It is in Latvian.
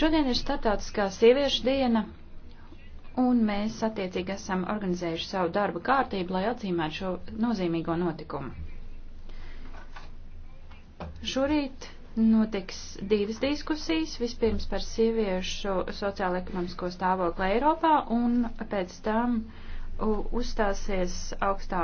Šodien ir startautiskā sieviešu diena, un mēs attiecīgi esam organizējuši savu darba kārtību, lai atzīmētu šo nozīmīgo notikumu. Šorīt notiks divas diskusijas, vispirms par sieviešu sociālo-ekonomisko stāvokli Eiropā, un pēc tam uzstāsies augstā